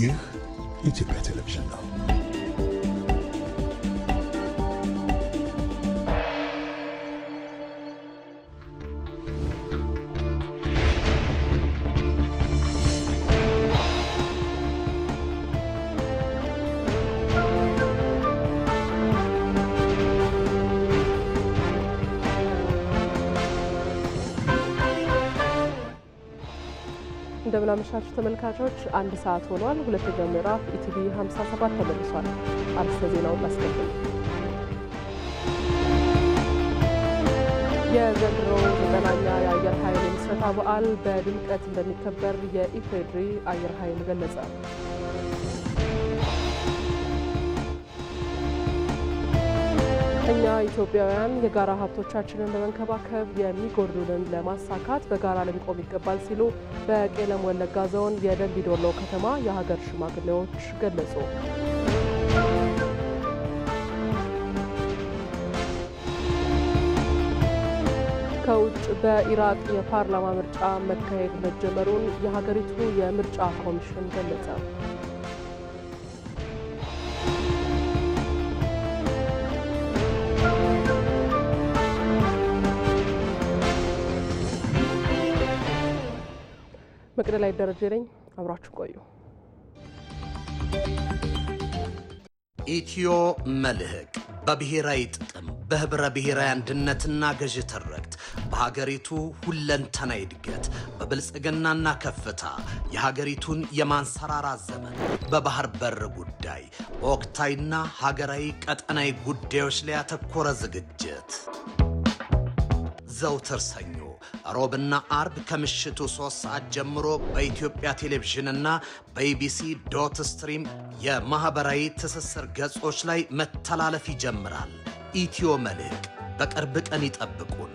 ይህ ኢትዮጵያ ቴሌቪዥን ነው። እንደምናመሻችሁ ተመልካቾች፣ አንድ ሰዓት ሆኗል። ሁለተኛው ምዕራፍ ኢቲቪ 57 ተመልሷል። አርስተ ዜናውን ላስቀድም። የዘንድሮ ዘጠናኛ የአየር ኃይል የምስረታ በዓል በድምቀት እንደሚከበር የኢፌድሪ አየር ኃይል ገለጸ። እኛ ኢትዮጵያውያን የጋራ ሀብቶቻችንን በመንከባከብ የሚጎድሉንን ለማሳካት በጋራ ልንቆም ይገባል ሲሉ በቄለም ወለጋ ዞን የደንቢዶሎ ከተማ የሀገር ሽማግሌዎች ገለጹ። ከውጭ በኢራቅ የፓርላማ ምርጫ መካሄድ መጀመሩን የሀገሪቱ የምርጫ ኮሚሽን ገለጸ። መቅደላዊ ደረጀ ነኝ። አብራችሁ ቆዩ። ኢትዮ መልህቅ በብሔራዊ ጥቅም በህብረ ብሔራዊ አንድነትና ገዥ ትርክት በሀገሪቱ ሁለንተና እድገት በብልጽግናና ከፍታ የሀገሪቱን የማንሰራራት ዘመን በባህር በር ጉዳይ በወቅታዊና ሀገራዊ ቀጠናዊ ጉዳዮች ላይ ያተኮረ ዝግጅት ዘውትር ሰኞ ሮብና አርብ ከምሽቱ ሶስት ሰዓት ጀምሮ በኢትዮጵያ ቴሌቪዥንና በኢቢሲ ዶት ስትሪም የማኅበራዊ ትስስር ገጾች ላይ መተላለፍ ይጀምራል። ኢትዮ መልሕቅ በቅርብ ቀን ይጠብቁን።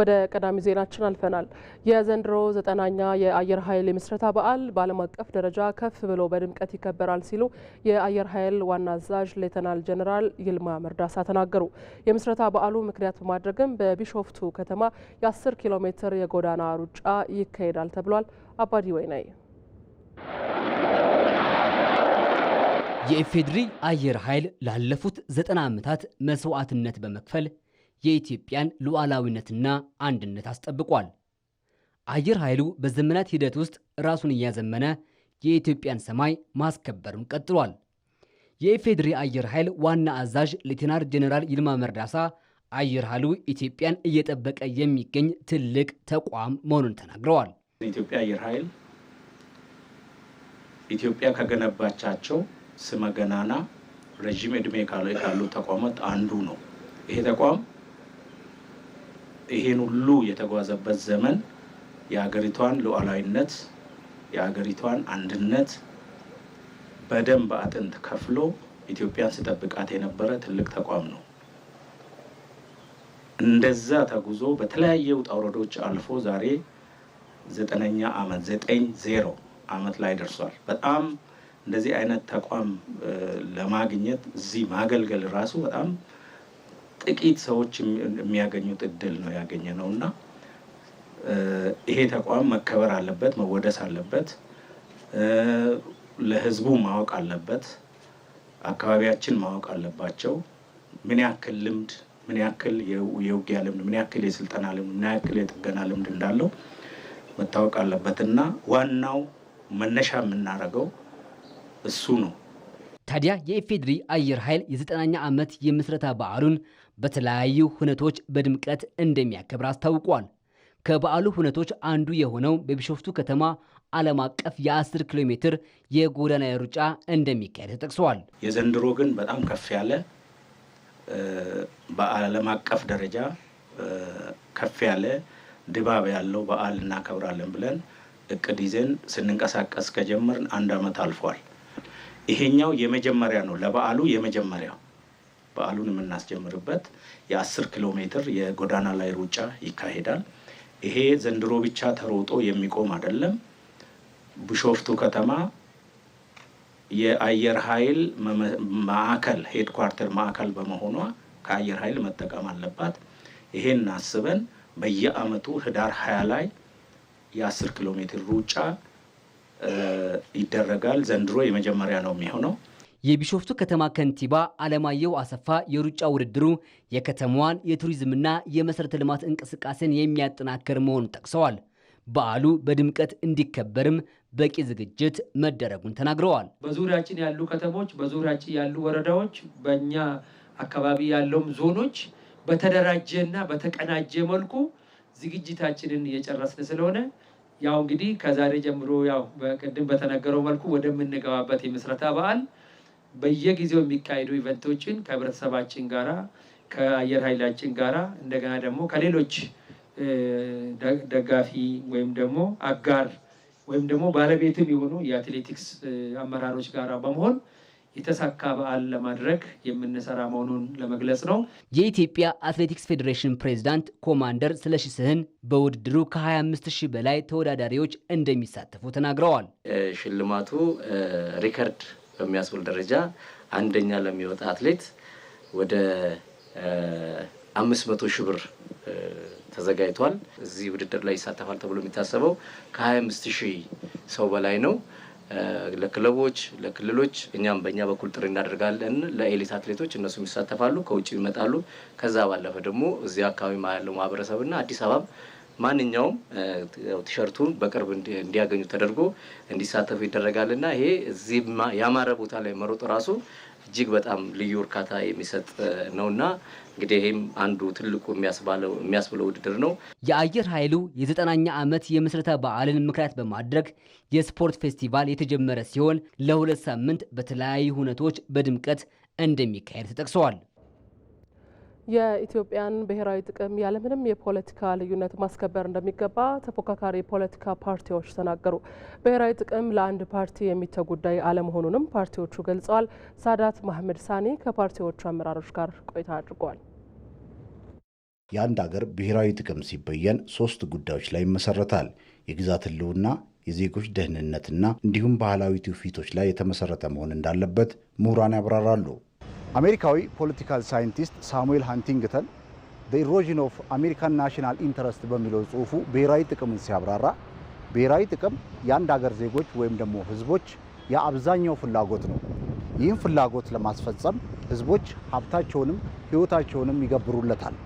ወደ ቀዳሚ ዜናችን አልፈናል። የዘንድሮ ዘጠናኛ የአየር ኃይል የምስረታ በዓል በዓለም አቀፍ ደረጃ ከፍ ብሎ በድምቀት ይከበራል ሲሉ የአየር ኃይል ዋና አዛዥ ሌተናል ጀኔራል ይልማ መርዳሳ ተናገሩ። የምስረታ በዓሉ ምክንያት በማድረግም በቢሾፍቱ ከተማ የ10 ኪሎ ሜትር የጎዳና ሩጫ ይካሄዳል ተብሏል። አባዲ ወይናይ የኢፌዴሪ አየር ኃይል ላለፉት ዘጠና ዓመታት መስዋዕትነት በመክፈል የኢትዮጵያን ሉዓላዊነትና አንድነት አስጠብቋል። አየር ኃይሉ በዘመናት ሂደት ውስጥ ራሱን እያዘመነ የኢትዮጵያን ሰማይ ማስከበሩን ቀጥሏል። የኢፌድሪ አየር ኃይል ዋና አዛዥ ሌተናር ጄኔራል ይልማ መርዳሳ አየር ኃይሉ ኢትዮጵያን እየጠበቀ የሚገኝ ትልቅ ተቋም መሆኑን ተናግረዋል። የኢትዮጵያ አየር ኃይል ኢትዮጵያ ከገነባቻቸው ስመገናና ረዥም እድሜ ካሉ ተቋማት አንዱ ነው። ይሄ ተቋም ይሄን ሁሉ የተጓዘበት ዘመን የሀገሪቷን ሉዓላዊነት የሀገሪቷን አንድነት በደንብ አጥንት ከፍሎ ኢትዮጵያን ስጠብቃት የነበረ ትልቅ ተቋም ነው። እንደዛ ተጉዞ በተለያየ ውጣ ውረዶች አልፎ ዛሬ ዘጠነኛ ዓመት ዘጠኝ ዜሮ አመት ላይ ደርሷል። በጣም እንደዚህ አይነት ተቋም ለማግኘት እዚህ ማገልገል ራሱ በጣም ጥቂት ሰዎች የሚያገኙት እድል ነው ያገኘ ነው እና ይሄ ተቋም መከበር አለበት፣ መወደስ አለበት፣ ለህዝቡ ማወቅ አለበት፣ አካባቢያችን ማወቅ አለባቸው። ምን ያክል ልምድ ምን ያክል የውጊያ ልምድ ምን ያክል የስልጠና ልምድ ምን ያክል የጥገና ልምድ እንዳለው መታወቅ አለበት እና ዋናው መነሻ የምናደርገው እሱ ነው። ታዲያ የኢፌዴሪ አየር ኃይል የዘጠናኛ ዓመት የምስረታ በዓሉን በተለያዩ ሁነቶች በድምቀት እንደሚያከብር አስታውቋል። ከበዓሉ ሁነቶች አንዱ የሆነው በቢሾፍቱ ከተማ ዓለም አቀፍ የ10 ኪሎ ሜትር የጎዳና ሩጫ እንደሚካሄድ ተጠቅሰዋል። የዘንድሮ ግን በጣም ከፍ ያለ በዓለም አቀፍ ደረጃ ከፍ ያለ ድባብ ያለው በዓል እናከብራለን ብለን እቅድ ይዘን ስንንቀሳቀስ ከጀመርን አንድ ዓመት አልፏል። ይሄኛው የመጀመሪያ ነው፣ ለበዓሉ የመጀመሪያው በዓሉን የምናስጀምርበት የአስር ኪሎ ሜትር የጎዳና ላይ ሩጫ ይካሄዳል። ይሄ ዘንድሮ ብቻ ተሮጦ የሚቆም አይደለም። ቢሾፍቱ ከተማ የአየር ኃይል ማዕከል ሄድኳርተር ማዕከል በመሆኗ ከአየር ኃይል መጠቀም አለባት። ይሄን አስበን በየአመቱ ህዳር ሀያ ላይ የአስር ኪሎ ሜትር ሩጫ ይደረጋል። ዘንድሮ የመጀመሪያ ነው የሚሆነው። የቢሾፍቱ ከተማ ከንቲባ አለማየሁ አሰፋ የሩጫ ውድድሩ የከተማዋን የቱሪዝምና የመሠረተ ልማት እንቅስቃሴን የሚያጠናክር መሆኑን ጠቅሰዋል። በዓሉ በድምቀት እንዲከበርም በቂ ዝግጅት መደረጉን ተናግረዋል። በዙሪያችን ያሉ ከተሞች፣ በዙሪያችን ያሉ ወረዳዎች፣ በእኛ አካባቢ ያለውም ዞኖች በተደራጀና በተቀናጀ መልኩ ዝግጅታችንን እየጨረስን ስለሆነ ያው እንግዲህ ከዛሬ ጀምሮ ያው በቅድም በተነገረው መልኩ ወደምንገባበት የምስረታ በዓል በየጊዜው የሚካሄዱ ኢቨንቶችን ከህብረተሰባችን ጋራ ከአየር ኃይላችን ጋራ እንደገና ደግሞ ከሌሎች ደጋፊ ወይም ደግሞ አጋር ወይም ደግሞ ባለቤትም የሆኑ የአትሌቲክስ አመራሮች ጋራ በመሆን የተሳካ በዓል ለማድረግ የምንሰራ መሆኑን ለመግለጽ ነው። የኢትዮጵያ አትሌቲክስ ፌዴሬሽን ፕሬዚዳንት ኮማንደር ስለሺ ስህን በውድድሩ ከ25 ሺህ በላይ ተወዳዳሪዎች እንደሚሳተፉ ተናግረዋል። ሽልማቱ ሪከርድ በሚያስብል ደረጃ አንደኛ ለሚወጣ አትሌት ወደ አምስት መቶ ሺህ ብር ተዘጋጅቷል። እዚህ ውድድር ላይ ይሳተፋል ተብሎ የሚታሰበው ከ25 ሺህ ሰው በላይ ነው። ለክለቦች፣ ለክልሎች እኛም በእኛ በኩል ጥሪ እናደርጋለን። ለኤሊት አትሌቶች እነሱም ይሳተፋሉ፣ ከውጭ ይመጣሉ። ከዛ ባለፈ ደግሞ እዚህ አካባቢ ያለው ማህበረሰብና አዲስ አበባም ማንኛውም ቲሸርቱን በቅርብ እንዲያገኙ ተደርጎ እንዲሳተፉ ይደረጋልና ይሄ እዚህ ያማረ ቦታ ላይ መሮጥ ራሱ እጅግ በጣም ልዩ እርካታ የሚሰጥ ነውና እንግዲህ ይህም አንዱ ትልቁ የሚያስብለው ውድድር ነው። የአየር ኃይሉ የዘጠናኛ ዓመት የምስረታ በዓልን ምክንያት በማድረግ የስፖርት ፌስቲቫል የተጀመረ ሲሆን ለሁለት ሳምንት በተለያዩ ሁነቶች በድምቀት እንደሚካሄድ ተጠቅሰዋል። የኢትዮጵያን ብሔራዊ ጥቅም ያለምንም የፖለቲካ ልዩነት ማስከበር እንደሚገባ ተፎካካሪ የፖለቲካ ፓርቲዎች ተናገሩ። ብሔራዊ ጥቅም ለአንድ ፓርቲ የሚተው ጉዳይ አለመሆኑንም ፓርቲዎቹ ገልጸዋል። ሳዳት መሐመድ ሳኒ ከፓርቲዎቹ አመራሮች ጋር ቆይታ አድርጓል። የአንድ አገር ብሔራዊ ጥቅም ሲበየን ሶስት ጉዳዮች ላይ ይመሰረታል። የግዛት ሕልውና፣ የዜጎች ደህንነትና እንዲሁም ባህላዊ ትውፊቶች ላይ የተመሰረተ መሆን እንዳለበት ምሁራን ያብራራሉ። አሜሪካዊ ፖለቲካል ሳይንቲስት ሳሙኤል ሃንቲንግተን ዘ ኢሮዥን ኦፍ አሜሪካን ናሽናል ኢንተረስት በሚለው ጽሁፉ ብሔራዊ ጥቅምን ሲያብራራ ብሔራዊ ጥቅም የአንድ ሀገር ዜጎች ወይም ደግሞ ህዝቦች የአብዛኛው ፍላጎት ነው። ይህም ፍላጎት ለማስፈጸም ህዝቦች ሀብታቸውንም ህይወታቸውንም ይገብሩለታል።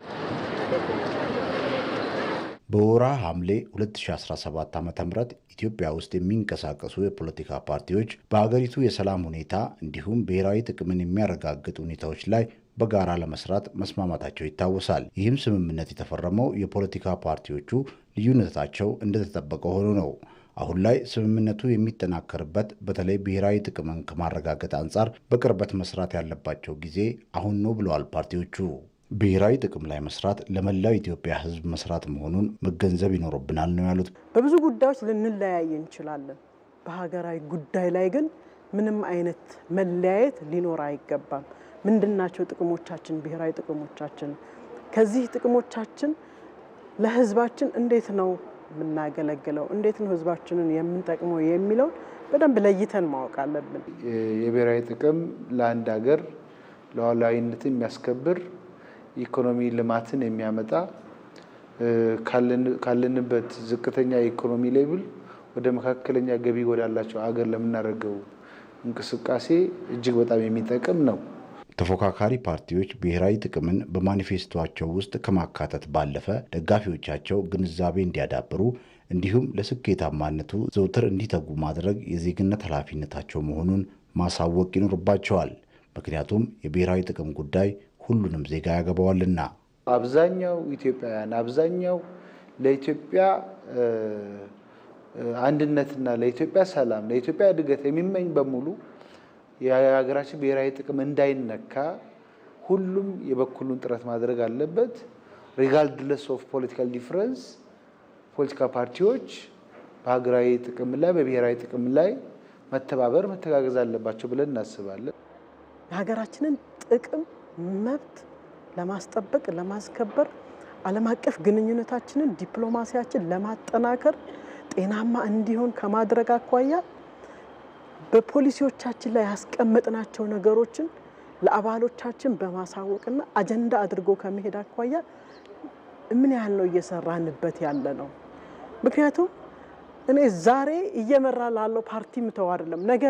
በወራ ሐምሌ 2017 ዓ ም ኢትዮጵያ ውስጥ የሚንቀሳቀሱ የፖለቲካ ፓርቲዎች በሀገሪቱ የሰላም ሁኔታ እንዲሁም ብሔራዊ ጥቅምን የሚያረጋግጥ ሁኔታዎች ላይ በጋራ ለመስራት መስማማታቸው ይታወሳል። ይህም ስምምነት የተፈረመው የፖለቲካ ፓርቲዎቹ ልዩነታቸው እንደተጠበቀ ሆኖ ነው። አሁን ላይ ስምምነቱ የሚጠናከርበት በተለይ ብሔራዊ ጥቅምን ከማረጋገጥ አንጻር በቅርበት መስራት ያለባቸው ጊዜ አሁን ነው ብለዋል ፓርቲዎቹ። ብሔራዊ ጥቅም ላይ መስራት ለመላው ኢትዮጵያ ሕዝብ መስራት መሆኑን መገንዘብ ይኖርብናል ነው ያሉት። በብዙ ጉዳዮች ልንለያይ እንችላለን። በሀገራዊ ጉዳይ ላይ ግን ምንም አይነት መለያየት ሊኖር አይገባም። ምንድናቸው ጥቅሞቻችን? ብሔራዊ ጥቅሞቻችን ከዚህ ጥቅሞቻችን ለህዝባችን እንዴት ነው የምናገለግለው? እንዴት ነው ህዝባችንን የምንጠቅመው የሚለውን በደንብ ለይተን ማወቅ አለብን። የብሔራዊ ጥቅም ለአንድ ሀገር ሉዓላዊነትን የሚያስከብር ኢኮኖሚ ልማትን የሚያመጣ ካለንበት ዝቅተኛ የኢኮኖሚ ሌብል ወደ መካከለኛ ገቢ ወዳላቸው አገር ለምናደርገው እንቅስቃሴ እጅግ በጣም የሚጠቅም ነው። ተፎካካሪ ፓርቲዎች ብሔራዊ ጥቅምን በማኒፌስቶቸው ውስጥ ከማካተት ባለፈ ደጋፊዎቻቸው ግንዛቤ እንዲያዳብሩ እንዲሁም ለስኬታማነቱ ዘውትር እንዲተጉ ማድረግ የዜግነት ኃላፊነታቸው መሆኑን ማሳወቅ ይኖርባቸዋል። ምክንያቱም የብሔራዊ ጥቅም ጉዳይ ሁሉንም ዜጋ ያገባዋልና። አብዛኛው ኢትዮጵያውያን አብዛኛው ለኢትዮጵያ አንድነትና ለኢትዮጵያ ሰላም፣ ለኢትዮጵያ እድገት የሚመኝ በሙሉ የሀገራችን ብሔራዊ ጥቅም እንዳይነካ ሁሉም የበኩሉን ጥረት ማድረግ አለበት። ሪጋርድለስ ኦፍ ፖለቲካል ዲፍረንስ ፖለቲካ ፓርቲዎች በሀገራዊ ጥቅም ላይ በብሔራዊ ጥቅም ላይ መተባበር መተጋገዝ አለባቸው ብለን እናስባለን። የሀገራችንን ጥቅም መብት ለማስጠበቅ ለማስከበር ዓለም አቀፍ ግንኙነታችንን ዲፕሎማሲያችን ለማጠናከር ጤናማ እንዲሆን ከማድረግ አኳያ በፖሊሲዎቻችን ላይ ያስቀመጥናቸው ነገሮችን ለአባሎቻችን በማሳወቅና አጀንዳ አድርጎ ከመሄድ አኳያ ምን ያህል ነው እየሰራንበት ያለ ነው? ምክንያቱም እኔ ዛሬ እየመራ ላለው ፓርቲ ምተው አይደለም ነገ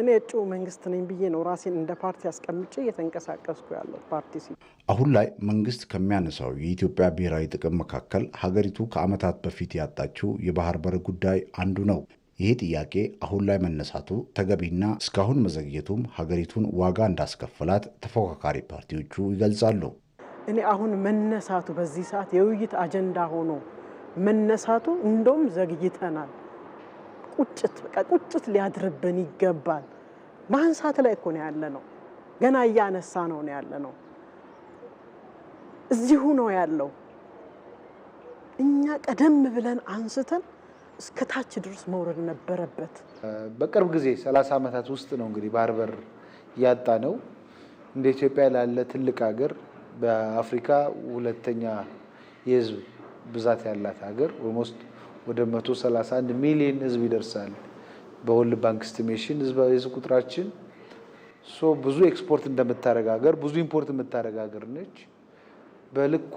እኔ እጩ መንግስት ነኝ ብዬ ነው ራሴን እንደ ፓርቲ አስቀምጬ እየተንቀሳቀስኩ ያለው ፓርቲ ሲ አሁን ላይ መንግስት ከሚያነሳው የኢትዮጵያ ብሔራዊ ጥቅም መካከል ሀገሪቱ ከዓመታት በፊት ያጣችው የባህር በር ጉዳይ አንዱ ነው። ይህ ጥያቄ አሁን ላይ መነሳቱ ተገቢና እስካሁን መዘግየቱም ሀገሪቱን ዋጋ እንዳስከፈላት ተፎካካሪ ፓርቲዎቹ ይገልጻሉ። እኔ አሁን መነሳቱ በዚህ ሰዓት የውይይት አጀንዳ ሆኖ መነሳቱ እንደውም ዘግይተናል ቁጭት በቃ ቁጭት ሊያድርብን ይገባል። ማንሳት ላይ እኮ ነው ያለ ነው። ገና እያነሳ ነው ነው ያለ ነው። እዚሁ ነው ያለው። እኛ ቀደም ብለን አንስተን እስከ ታች ድረስ መውረድ ነበረበት። በቅርብ ጊዜ 30 ዓመታት ውስጥ ነው እንግዲህ ባህር በር ያጣ ነው። እንደ ኢትዮጵያ ላለ ትልቅ ሀገር በአፍሪካ ሁለተኛ የህዝብ ብዛት ያላት ሀገር ኦልሞስት ወደ 131 ሚሊዮን ህዝብ ይደርሳል። በወርልድ ባንክ ስቲሜሽን ህዝብ ቁጥራችን ብዙ ኤክስፖርት እንደምታረጋገር ሀገር ብዙ ኢምፖርት የምታረግ ሀገር ነች። በልኳ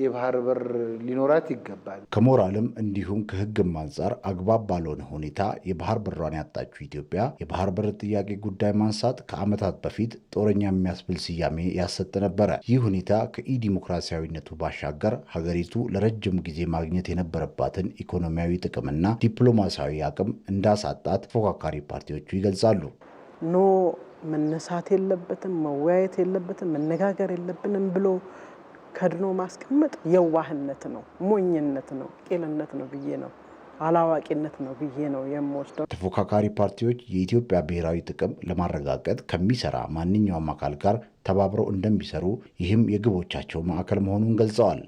የባህር በር ሊኖራት ይገባል። ከሞራልም እንዲሁም ከሕግም አንጻር አግባብ ባልሆነ ሁኔታ የባህር በሯን ያጣችው ኢትዮጵያ የባህር በር ጥያቄ ጉዳይ ማንሳት ከዓመታት በፊት ጦረኛ የሚያስብል ስያሜ ያሰጥ ነበረ። ይህ ሁኔታ ከኢዲሞክራሲያዊነቱ ባሻገር ሀገሪቱ ለረጅም ጊዜ ማግኘት የነበረባትን ኢኮኖሚያዊ ጥቅምና ዲፕሎማሲያዊ አቅም እንዳሳጣት ተፎካካሪ ፓርቲዎቹ ይገልጻሉ። ኖ መነሳት የለበትም መወያየት የለበትም መነጋገር የለብንም ብሎ ከድኖ ማስቀመጥ የዋህነት ነው፣ ሞኝነት ነው፣ ቄልነት ነው ብዬ ነው አላዋቂነት ነው ብዬ ነው የምወስደው። ተፎካካሪ ፓርቲዎች የኢትዮጵያ ብሔራዊ ጥቅም ለማረጋገጥ ከሚሰራ ማንኛውም አካል ጋር ተባብረው እንደሚሰሩ ይህም የግቦቻቸው ማዕከል መሆኑን ገልጸዋል።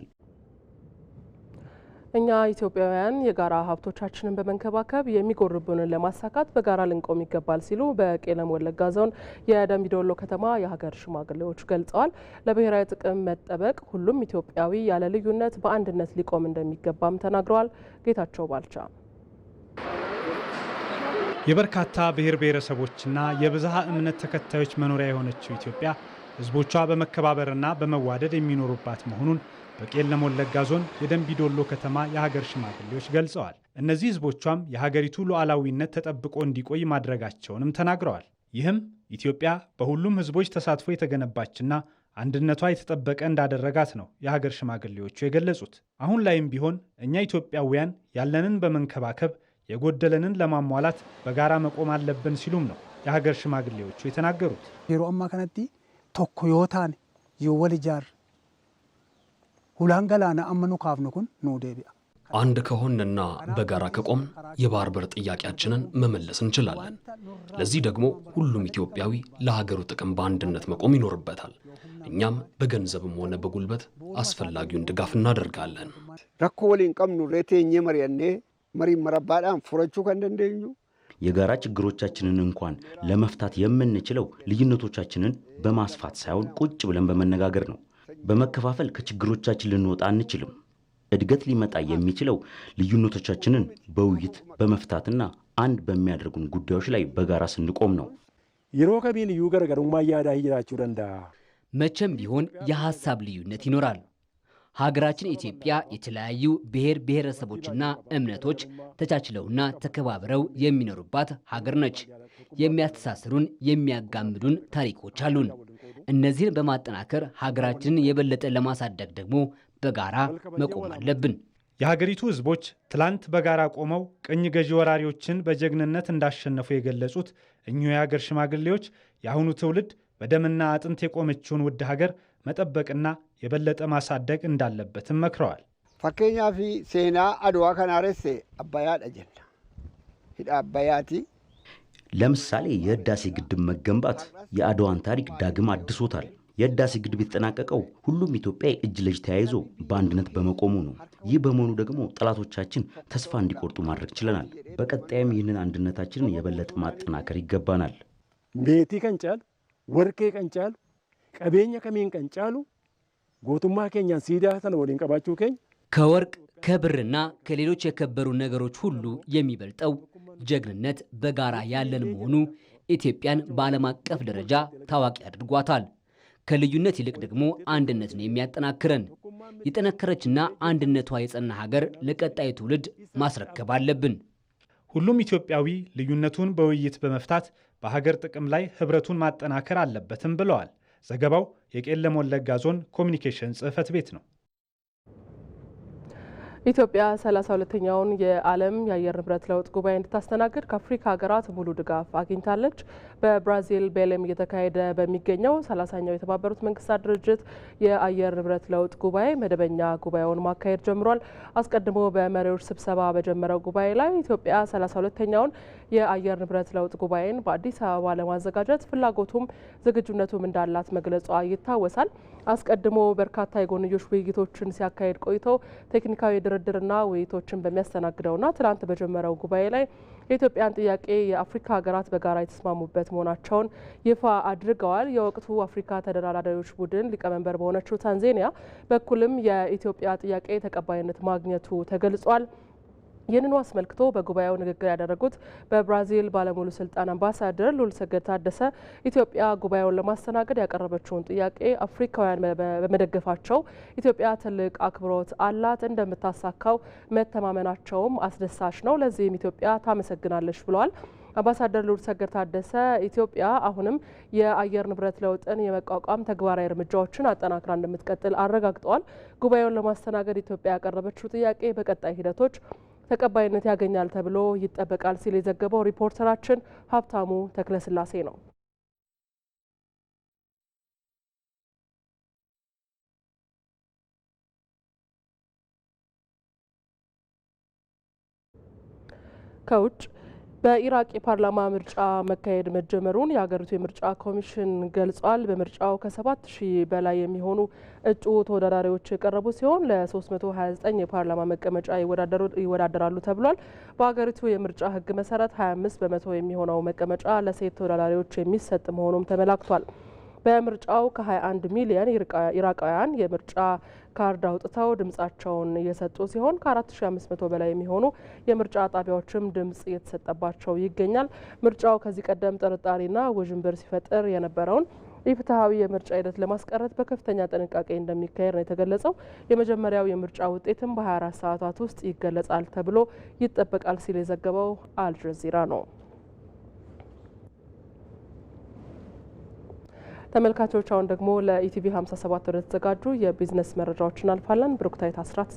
እኛ ኢትዮጵያውያን የጋራ ሀብቶቻችንን በመንከባከብ የሚጎርብንን ለማሳካት በጋራ ልንቆም ይገባል ሲሉ በቄለም ወለጋ ዞን የደምቢዶሎ ከተማ የሀገር ሽማግሌዎች ገልጸዋል። ለብሔራዊ ጥቅም መጠበቅ ሁሉም ኢትዮጵያዊ ያለ ልዩነት በአንድነት ሊቆም እንደሚገባም ተናግረዋል። ጌታቸው ባልቻ የበርካታ ብሔር ብሔረሰቦችና የብዝሃ እምነት ተከታዮች መኖሪያ የሆነችው ኢትዮጵያ ህዝቦቿ በመከባበርና በመዋደድ የሚኖሩባት መሆኑን በቄለም ወለጋ ዞን የደንቢዶሎ ከተማ የሀገር ሽማግሌዎች ገልጸዋል። እነዚህ ህዝቦቿም የሀገሪቱ ሉዓላዊነት ተጠብቆ እንዲቆይ ማድረጋቸውንም ተናግረዋል። ይህም ኢትዮጵያ በሁሉም ህዝቦች ተሳትፎ የተገነባችና አንድነቷ የተጠበቀ እንዳደረጋት ነው የሀገር ሽማግሌዎቹ የገለጹት። አሁን ላይም ቢሆን እኛ ኢትዮጵያውያን ያለንን በመንከባከብ የጎደለንን ለማሟላት በጋራ መቆም አለብን ሲሉም ነው የሀገር ሽማግሌዎቹ የተናገሩት። ሮ አማ ከነቲ ቶኮ የወልጃር ሁላን አመኑ ካፍነ ኩን ኑ ዴቢያ አንድ ከሆንና በጋራ ከቆም የባህር በር ጥያቄያችንን መመለስ እንችላለን። ለዚህ ደግሞ ሁሉም ኢትዮጵያዊ ለሀገሩ ጥቅም በአንድነት መቆም ይኖርበታል። እኛም በገንዘብም ሆነ በጉልበት አስፈላጊውን ድጋፍ እናደርጋለን። ረኮ ወሊን ቀምኑ ሬቴኜ መሪያኔ መሪ መረባዳን ፉረቹ ከንደንደኙ የጋራ ችግሮቻችንን እንኳን ለመፍታት የምንችለው ልዩነቶቻችንን በማስፋት ሳይሆን ቁጭ ብለን በመነጋገር ነው። በመከፋፈል ከችግሮቻችን ልንወጣ አንችልም። እድገት ሊመጣ የሚችለው ልዩነቶቻችንን በውይይት በመፍታትና አንድ በሚያደርጉን ጉዳዮች ላይ በጋራ ስንቆም ነው። ይሮ ከቢን እዩ ገረገሩማ እያዳ ይላችሁ ደንዳ መቼም ቢሆን የሐሳብ ልዩነት ይኖራል። ሀገራችን ኢትዮጵያ የተለያዩ ብሔር ብሔረሰቦችና እምነቶች ተቻችለውና ተከባብረው የሚኖሩባት ሀገር ነች። የሚያስተሳስሩን፣ የሚያጋምዱን ታሪኮች አሉን። እነዚህን በማጠናከር ሀገራችንን የበለጠ ለማሳደግ ደግሞ በጋራ መቆም አለብን። የሀገሪቱ ህዝቦች ትላንት በጋራ ቆመው ቅኝ ገዢ ወራሪዎችን በጀግንነት እንዳሸነፉ የገለጹት እኚሁ የሀገር ሽማግሌዎች የአሁኑ ትውልድ በደምና አጥንት የቆመችውን ውድ ሀገር መጠበቅና የበለጠ ማሳደግ እንዳለበትም መክረዋል። ፈኬኛ ፊ ሴና አድዋ ከናሬሴ አባያ ደጀና ሂዳ አባያቲ ለምሳሌ የህዳሴ ግድብ መገንባት የአድዋን ታሪክ ዳግም አድሶታል። የህዳሴ ግድብ የተጠናቀቀው ሁሉም ኢትዮጵያዊ እጅ ለእጅ ተያይዞ በአንድነት በመቆሙ ነው። ይህ በመሆኑ ደግሞ ጠላቶቻችን ተስፋ እንዲቆርጡ ማድረግ ችለናል። በቀጣይም ይህንን አንድነታችንን የበለጠ ማጠናከር ይገባናል። ቤቲ ቀንጫል ወርቄ ቀንጫል ቀቤኛ ከሜን ቀንጫሉ ጎቱማ ኬኛን ሲዳ ተነ ወሊን ኬኝ ከወርቅ ከብርና ከሌሎች የከበሩ ነገሮች ሁሉ የሚበልጠው ጀግንነት በጋራ ያለን መሆኑ ኢትዮጵያን በዓለም አቀፍ ደረጃ ታዋቂ አድርጓታል። ከልዩነት ይልቅ ደግሞ አንድነት ነው የሚያጠናክረን። የጠነከረችና አንድነቷ የጸና ሀገር ለቀጣይ ትውልድ ማስረከብ አለብን። ሁሉም ኢትዮጵያዊ ልዩነቱን በውይይት በመፍታት በሀገር ጥቅም ላይ ህብረቱን ማጠናከር አለበትም ብለዋል። ዘገባው የቄለም ወለጋ ዞን ኮሚኒኬሽን ጽህፈት ቤት ነው። ኢትዮጵያ 32ኛውን የዓለም የአየር ንብረት ለውጥ ጉባኤ እንድታስተናግድ ከአፍሪካ ሀገራት ሙሉ ድጋፍ አግኝታለች። በብራዚል ቤሌም እየተካሄደ በሚገኘው 30ኛው የተባበሩት መንግስታት ድርጅት የአየር ንብረት ለውጥ ጉባኤ መደበኛ ጉባኤውን ማካሄድ ጀምሯል። አስቀድሞ በመሪዎች ስብሰባ በጀመረው ጉባኤ ላይ ኢትዮጵያ 32ኛውን የአየር ንብረት ለውጥ ጉባኤን በአዲስ አበባ ለማዘጋጀት ፍላጎቱም ዝግጁነቱም እንዳላት መግለጿ ይታወሳል። አስቀድሞ በርካታ የጎንዮሽ ውይይቶችን ሲያካሄድ ቆይቶ ቴክኒካዊ ድርድርና ውይይቶችን በሚያስተናግደውና ትናንት በጀመረው ጉባኤ ላይ የኢትዮጵያን ጥያቄ የአፍሪካ ሀገራት በጋራ የተስማሙበት መሆናቸውን ይፋ አድርገዋል። የወቅቱ አፍሪካ ተደራዳሪዎች ቡድን ሊቀመንበር በሆነችው ታንዜኒያ በኩልም የኢትዮጵያ ጥያቄ ተቀባይነት ማግኘቱ ተገልጿል። ይህንኑ አስመልክቶ በጉባኤው ንግግር ያደረጉት በብራዚል ባለሙሉ ስልጣን አምባሳደር ሉልሰገድ ታደሰ ኢትዮጵያ ጉባኤውን ለማስተናገድ ያቀረበችውን ጥያቄ አፍሪካውያን በመደገፋቸው ኢትዮጵያ ትልቅ አክብሮት አላት፣ እንደምታሳካው መተማመናቸውም አስደሳች ነው፣ ለዚህም ኢትዮጵያ ታመሰግናለች ብለዋል። አምባሳደር ሉልሰገድ ታደሰ ኢትዮጵያ አሁንም የአየር ንብረት ለውጥን የመቋቋም ተግባራዊ እርምጃዎችን አጠናክራ እንደምትቀጥል አረጋግጠዋል። ጉባኤውን ለማስተናገድ ኢትዮጵያ ያቀረበችው ጥያቄ በቀጣይ ሂደቶች ተቀባይነት ያገኛል ተብሎ ይጠበቃል ሲል የዘገበው ሪፖርተራችን ሀብታሙ ተክለስላሴ ነው። ከውጭ በኢራቅ የፓርላማ ምርጫ መካሄድ መጀመሩን የሀገሪቱ የምርጫ ኮሚሽን ገልጿል። በምርጫው ከሰባት ሺህ በላይ የሚሆኑ እጩ ተወዳዳሪዎች የቀረቡ ሲሆን ለ329 የፓርላማ መቀመጫ ይወዳደራሉ ተብሏል። በሀገሪቱ የምርጫ ሕግ መሰረት 25 በመቶ የሚሆነው መቀመጫ ለሴት ተወዳዳሪዎች የሚሰጥ መሆኑም ተመላክቷል። በምርጫው ከ21 ሚሊዮን ኢራቃውያን የምርጫ ካርድ አውጥተው ድምጻቸውን እየሰጡ ሲሆን ከ4500 በላይ የሚሆኑ የምርጫ ጣቢያዎችም ድምጽ እየተሰጠባቸው ይገኛል። ምርጫው ከዚህ ቀደም ጥርጣሬና ውዥንብር ሲፈጥር የነበረውን ኢፍትሐዊ የምርጫ ሂደት ለማስቀረት በከፍተኛ ጥንቃቄ እንደሚካሄድ ነው የተገለጸው። የመጀመሪያው የምርጫ ውጤትም በ24 ሰዓታት ውስጥ ይገለጻል ተብሎ ይጠበቃል ሲል የዘገበው አልጀዚራ ነው። ተመልካቾች አሁን ደግሞ ለኢቲቪ 57 ወደ የቢዝነስ መረጃዎች እናልፋለን። ብሩክታይት አስራት